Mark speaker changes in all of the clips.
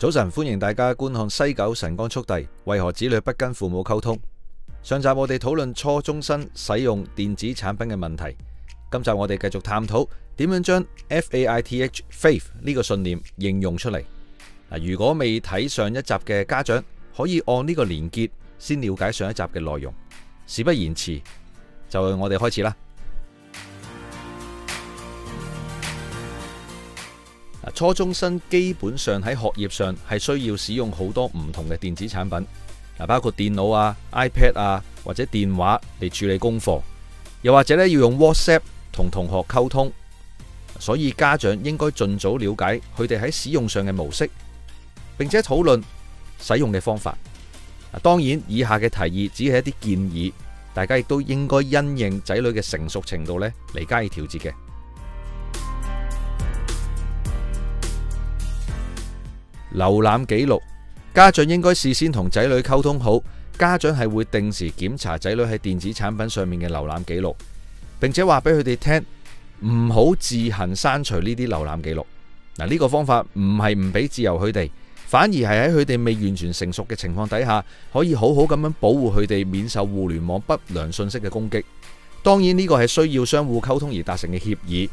Speaker 1: 早晨，歡迎大家觀看西九晨光速遞。為何子女不跟父母溝通？上集我哋討論初中生使用電子產品嘅問題。今集我哋繼續探討點樣將 F A I T H Faith 呢個信念應用出嚟。嗱，如果未睇上一集嘅家長，可以按呢個連結先了解上一集嘅內容。事不宜遲，就我哋開始啦。初中生基本上喺學業上係需要使用好多唔同嘅電子產品，嗱包括電腦啊、iPad 啊或者電話嚟處理功課，又或者咧要用 WhatsApp 同同學溝通，所以家長應該盡早了解佢哋喺使用上嘅模式，並且討論使用嘅方法。啊，當然以下嘅提議只係一啲建議，大家亦都應該因應仔女嘅成熟程度咧嚟加以調節嘅。瀏覽記錄，家長應該事先同仔女溝通好，家長係會定時檢查仔女喺電子產品上面嘅瀏覽記錄，並且話俾佢哋聽，唔好自行刪除呢啲瀏覽記錄。嗱、這、呢個方法唔係唔俾自由佢哋，反而係喺佢哋未完全成熟嘅情況底下，可以好好咁樣保護佢哋免受互聯網不良信息嘅攻擊。當然呢個係需要相互溝通而達成嘅協議。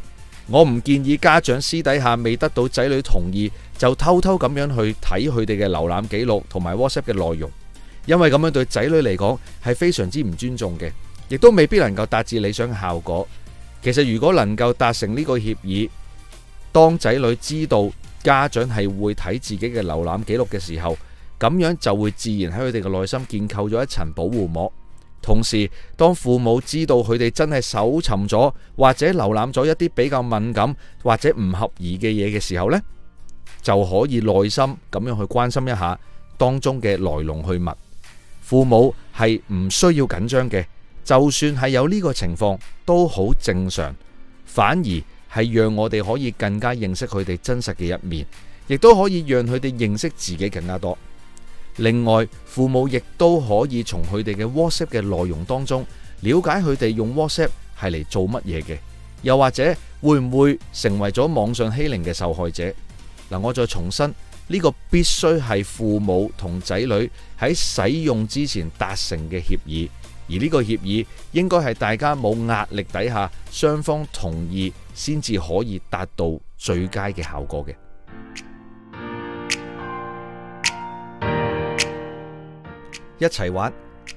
Speaker 1: 我唔建議家長私底下未得到仔女同意就偷偷咁樣去睇佢哋嘅瀏覽記錄同埋 WhatsApp 嘅內容，因為咁樣對仔女嚟講係非常之唔尊重嘅，亦都未必能夠達至理想效果。其實如果能夠達成呢個協議，當仔女知道家長係會睇自己嘅瀏覽記錄嘅時候，咁樣就會自然喺佢哋嘅內心建構咗一層保護膜。同時，當父母知道佢哋真係搜尋咗或者瀏覽咗一啲比較敏感或者唔合宜嘅嘢嘅時候呢，就可以耐心咁樣去關心一下當中嘅來龍去脈。父母係唔需要緊張嘅，就算係有呢個情況都好正常，反而係讓我哋可以更加認識佢哋真實嘅一面，亦都可以讓佢哋認識自己更加多。另外，父母亦都可以從佢哋嘅 WhatsApp 嘅內容當中，了解佢哋用 WhatsApp 係嚟做乜嘢嘅，又或者會唔會成為咗網上欺凌嘅受害者？嗱，我再重申，呢個必須係父母同仔女喺使用之前達成嘅協議，而呢個協議應該係大家冇壓力底下雙方同意先至可以達到最佳嘅效果嘅。一齊玩，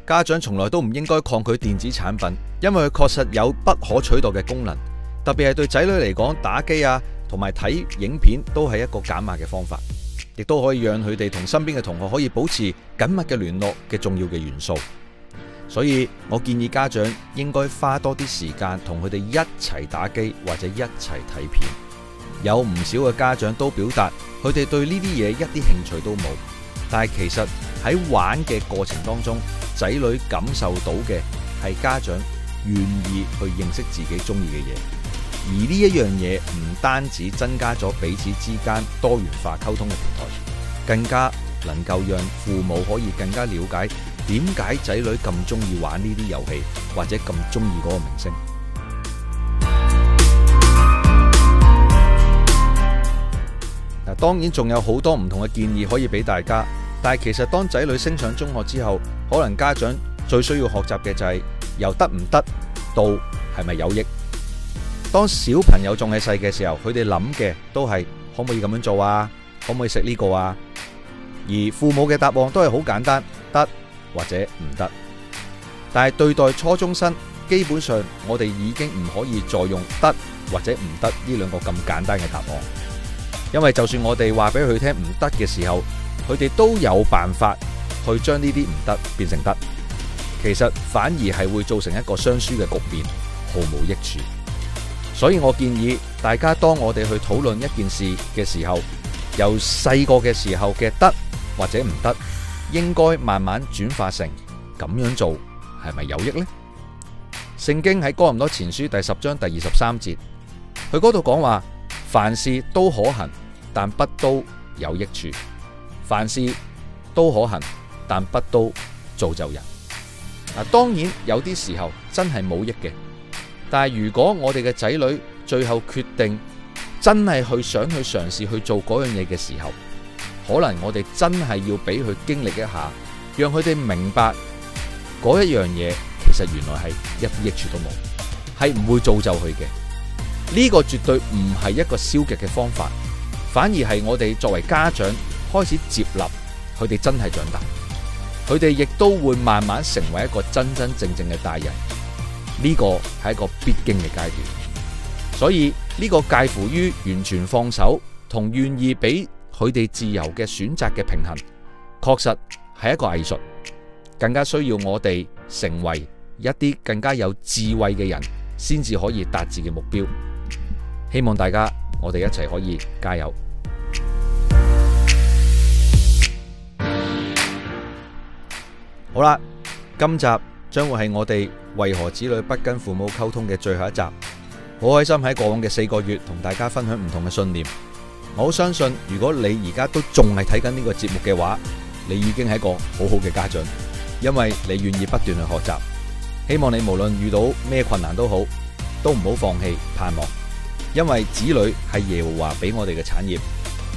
Speaker 1: 家長從來都唔應該抗拒電子產品，因為佢確實有不可取代嘅功能，特別係對仔女嚟講，打機啊，同埋睇影片都係一個減壓嘅方法，亦都可以讓佢哋同身邊嘅同學可以保持緊密嘅聯絡嘅重要嘅元素。所以我建議家長應該花多啲時間同佢哋一齊打機或者一齊睇片。有唔少嘅家長都表達佢哋對呢啲嘢一啲興趣都冇。但係其實喺玩嘅過程當中，仔女感受到嘅係家長願意去認識自己中意嘅嘢，而呢一樣嘢唔單止增加咗彼此之間多元化溝通嘅平台，更加能夠讓父母可以更加了解點解仔女咁中意玩呢啲遊戲，或者咁中意嗰個明星。嗱，當然仲有好多唔同嘅建議可以俾大家。但係其實當仔女升上中學之後，可能家長最需要學習嘅就係，由得唔得到係咪有益。當小朋友仲係細嘅時候，佢哋諗嘅都係可唔可以咁樣做啊？可唔可以食呢個啊？而父母嘅答案都係好簡單，得或者唔得。但係對待初中生，基本上我哋已經唔可以再用得或者唔得呢兩個咁簡單嘅答案，因為就算我哋話俾佢聽唔得嘅時候。佢哋都有辦法去將呢啲唔得變成得，其實反而係會造成一個雙輸嘅局面，毫無益處。所以我建議大家，當我哋去討論一件事嘅時候，由細個嘅時候嘅得或者唔得，應該慢慢轉化成咁樣做，係咪有益呢？《聖經》喺哥林多前書第十章第二十三節，佢嗰度講話，凡事都可行，但不都有益處。凡事都可行，但不都造就人。嗱，當然有啲時候真係冇益嘅。但係如果我哋嘅仔女最後決定真係去想去嘗試去做嗰樣嘢嘅時候，可能我哋真係要俾佢經歷一下，讓佢哋明白嗰一樣嘢其實原來係一啲益處都冇，係唔會造就佢嘅。呢個絕對唔係一個消極嘅方法，反而係我哋作為家長，開始接納，佢哋真係長大，佢哋亦都會慢慢成為一個真真正正嘅大人。呢個係一個必經嘅階段，所以呢個介乎於完全放手同願意俾佢哋自由嘅選擇嘅平衡，確實係一個藝術，更加需要我哋成為一啲更加有智慧嘅人，先至可以達至嘅目標。希望大家我哋一齊可以加油。好啦，今集將會係我哋為何子女不跟父母溝通嘅最後一集。好開心喺過往嘅四個月同大家分享唔同嘅信念。我好相信，如果你而家都仲係睇緊呢個節目嘅話，你已經係一個好好嘅家長，因為你願意不斷去學習。希望你無論遇到咩困難都好，都唔好放棄盼望，因為子女係耶和華俾我哋嘅產業，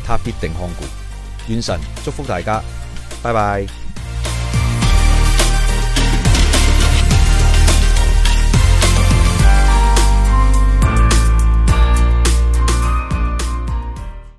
Speaker 1: 他必定看顧。願神祝福大家，拜拜。